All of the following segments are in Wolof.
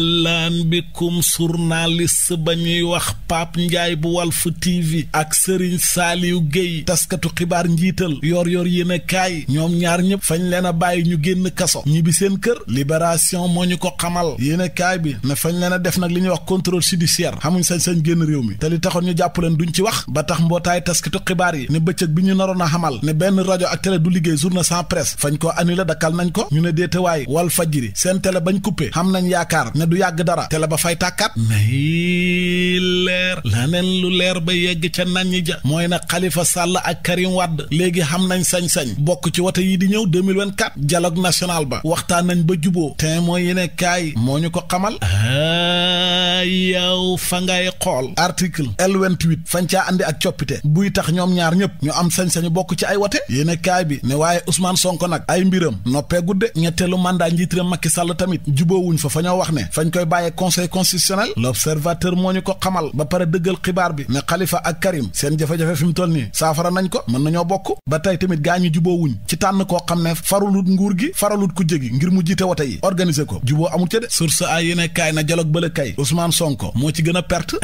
yàllaan bikum journaliste ba ñuy wax paap Ndiaye bu wal fu TV ak Serigne Saliou Guèye taskatu xibaar njiital yor yor yéen a kaay ñoom ñaar ñëpp fañ leen a bàyyi ñu génn kaso ñibbi seen kër libération moo ñu ko xamal yéen a kaay bi ne fañ leen a def nag li ñuy wax contrôle judiciaire xamuñ sañ-sañ génn réew mi te li taxoon ñu jàpp leen duñ ci wax ba tax mbootaay taskatu xibaar yi ne bëccëg bi ñu naroon a xamal ne benn rajo ak télé du liggéey journée sans presse fañ ko annulé dakkal nañ ko ñu ne déetewaay Walf Fadjri seen télé bañ coupé xam nañ yaakaar du yàgg dara te ba fay tàkkat nay leer laneen lu leer ba yegg ca nañ ja mooy na xalifa Sall ak Karim Wade léegi xam nañ sañ-sañ bokk ci wote yi di ñëw 2024 dialogue national ba waxtaan nañ ba juboo te mooy yene kaay moo ñu ko xamal ah, yow fa ngay xool article L28 fañ caa andi ak coppite buy tax ñoom ñaar ñëpp ñu am sañ-sañu bokk ci ay wote yene kaay bi ne waaye Ousmane Sonko nag ay mbiram noppee gudde ñetteelu mandat njiitiram Macky Sall tamit jubóowuñ fa fa ñoo wax ne dañ koy bàyyee conseil constitutionnel l'observateur moo ñu ko xamal ba pare dëggal xibaar bi ne xalifa ak Karim seen jafe-jafe fi mu toll nii saafara nañ ko mën nañoo bokk ba tey tamit gaa ñu juboo wuñ ci tànn koo xam ne faralut nguur gi faralut ku jégi ngir mu jiite wote yi organiser ko juboo amul ca de source ay kaay na dialogue bële kay Ousmane Sonko moo ci gën a perte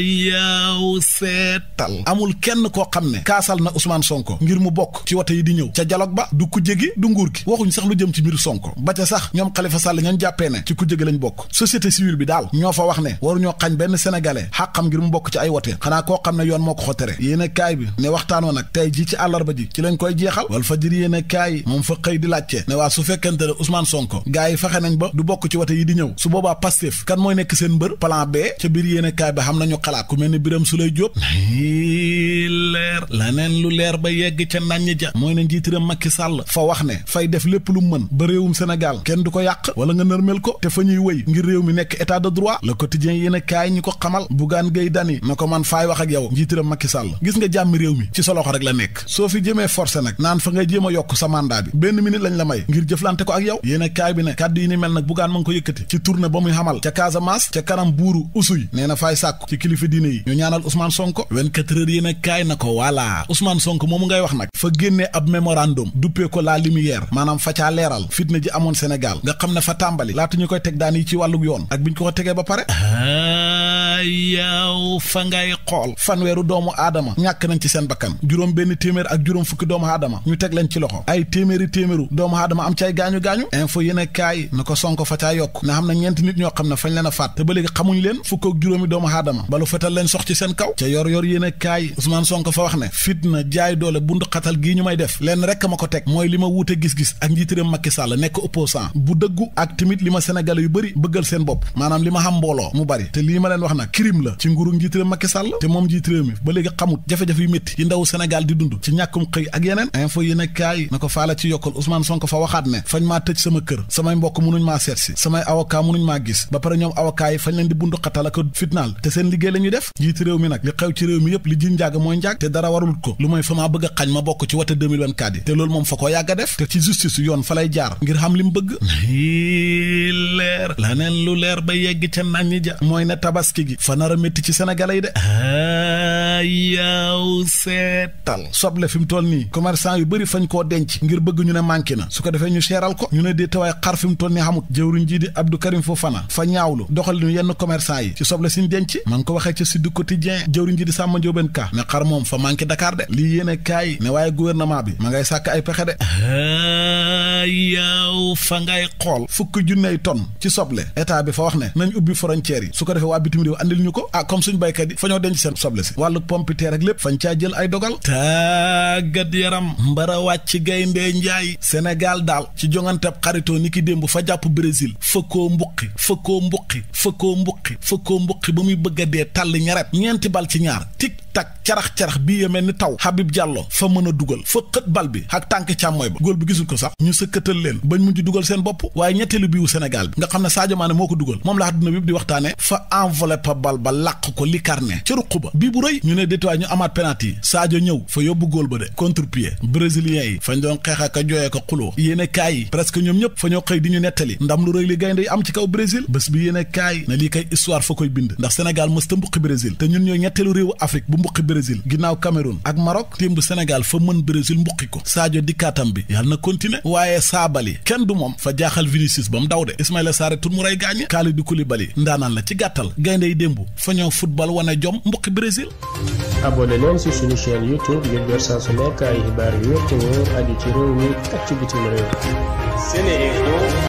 yaaw seetal amul kenn koo xam ne kaasal na Ousmane Sonko ngir mu bokk ci wote yi di ñëw ca dialogue ba du ku jégi du nguur gi waxuñ sax lu jëm ci mbir Sonko ba ca sax ñoom Khalifa Sall ñoon jàppee ne ci ku jege lañ bokk société civile bi daal ñoo fa wax ne waruñoo xañ benn sénégalais xàqam ngir mu bokk ci ay wote xanaa koo xam ne yoon moo ko xotere yéene kaay bi ne waxtaanoo nag tey ji ci àllarba ji ci lañ koy jeexal wal fajiri yéene kaay moom fa xëy di laajte ne waa su fekkente ne Ousmane Sonko gars yi fexe ba du bokk ci wote yi di ñëw su boobaa Pastef kan mooy nekk seen mbër plan B ca biir yéene kaay bi xam nañu xalaat ku mel ni Birame Souleye Diop la laneen lu leer ba yegg ca naññ ja mooy na njiitiram makki sàll fa wax ne fay def lépp lu mën ba réewum Sénégal kenn du ko yàq wala nga nërmel ko te fa ñuy wëy ngir réew mi nekk état de la le quotidien yéen a kaay ñi ko xamal Bougane Gueye Dany na ko man faay wax ak yow njiitiram Macky Sall gis nga jàmmi réew mi ci sa loxo rek la nekk soo fi jëmee forcé nag naan fa nga jéem yokk sa mandat bi benn minute lañ la may ngir jëflante ko ak yow yéen a kaay bi ne kàddu yi ni mel nag Bougane ma ngi ko yëkkati ci tournée ba muy xamal ca Casamance ca kanam buuru usuy nee na faay sàkku ci kilifa diine yi ñu ñaanal Ousmane Sonko 24 heures kaay na ko ko voilà Ousmane Sonko moomu ngay wax nag fa génnee ab mémorandum duppee ko la lumière maanaam fa caa leeral fitna ji amoon Sénégal nga xam ne fa tàmbali laata ñu koy teg daan yi ci wàlluk yoon ak bi ñu ko ko tegee ba pare ah. yaaw fa ngay xool fanweeru doomu aadama ñàkk nañ ci seen bakkan juróom benn téeméer ak juróom fukki doomu aadama ñu teg leen ci loxo ay téeméeri téeméeru doomu aadama am ci ay gaañu-gaañu info yéen kaay na ko sonko fa caa yokk na xam ne ñeenti nit ñoo xam ne fañ leen a faat te ba léegi xamuñ leen fukk ak juróomi doomu aadama balu fetal leen sox ci seen kaw ca yor yor yéen kaay Ousmane Sonko fa wax ne fitna jaay doole bundu xatal gii ñu may def leen rek ma ko teg mooy li ma wuute gis-gis ak njiitëram Macky Sall nekk opposant bu dëggu ak tamit li ma sénégalais yu bëri bëggal seen bopp maanaam li ma xam mbooloo mu bari te kirim la ci nguru njiit réew Sall te moom njiit réew mi ba léegi xamut jafe-jafe yu métti yi ndaw Sénégal di dund ci ñàkkum xëy ak yeneen info yi ne kaay na ko faala ci yokkal Ousmane Sonko fa waxaat ne fañ maa tëj sama kër samay mbokk mënuñ maa seet si samay avocat mënuñ maa gis ba pare ñoom avocat yi fañ leen di bundu xatal ak fitnaal te seen liggéey la ñuy def jiit réew mi nag li xew ci réew mi yëpp li ji njàgg mooy njàgg te dara warul ko lu mooy fa maa bëgg a xañ ma bokk ci wate 2024 yi ko a def te ci justice yoon fa lay jaar ngir xam li mu bëgg leer laneen lu leer ba yegg ca nañ ja mooy ne tabaski gi fa nar a métti ci sénégalais yi de ah. yaaw seetal soble fi mu toll nii commerçant yu bëri fañ koo denc ngir bëgg ñu ne manqué na su ko defee ñu seeral ko ñu ne dee tawaay xar fi mu toll nii xamut jëwriñ ji di Abdou Karim Fofana fa ñaawlu doxal ñu yenn commerçant yi ci soble ñu denc ma ngi ko waxee ci Sud Quotidien jëwriñ ji di Samba Ndiobène Ka ne xar moom fa manqué Dakar de lii yéen kaay ne waaye gouvernement bi ma ngay sàkk ay pexe de yaaw fa ngay xool fukki junney tonn ci soble état bi fa wa ne nañ ubbi frontières yi pompiteer ak lépp fañ caa jël ay dogal tàggat yaram mbara ci gaynde njaay sénégal daal ci jonganteb xaritoo ni ki démb fa jàpp brésil fëkkoo mbuqi fëkkoo mbuqi fëkkoo mbuqi fëkkoo mbuqi ba muy bëgga dee tàll ñaret ñeenti bal ci ñaar tik tak carax-carax bii ya mel ni taw Habib Diallo fa mën a dugal fa xët bal bi ak tànk càmmooy ba góol bi gisul ko sax ñu sëkkatal leen bañ mujj dugal seen bopp waaye ñetteelu biiwu Sénégal bi nga xam ne Sadio Mané moo ko dugal moom la àdduna bi di waxtaane fa enveloppe bal ba làq ko li karne ca ruq ba bii bu rëy ñu ne détuwaay ñu amaat penalty Sadio ñëw fa yóbbu góol ba de contre pied brésilien yi fañ doon xeex ak a jooyee ko xuloo yéene ñoom ñëpp ñu nettali ndam lu rëy li gaynde yi na lii kay histoire fa ñetteelu réewu Afrique bu Brésil ginnaaw Cameroun ak Maroc démb Sénégal fa mën Brésil mbuqi ko Sadio dikkaatam bi yàlla na continuer waaye Saabali kenn du moom fa jaaxal Vinicius ba mu daw de Ismaïla Sarr tur mu ray gaañe Kalidou Koulibaly ndaanaan la ci gàttal gaynde yi démb fa ñoo football wane jom mbuqi Brésil abonné leen ci suñu chaîne YouTube saa su nekk ay xibaar yu wér te wóor aju ci réew mi ak ci bitim réew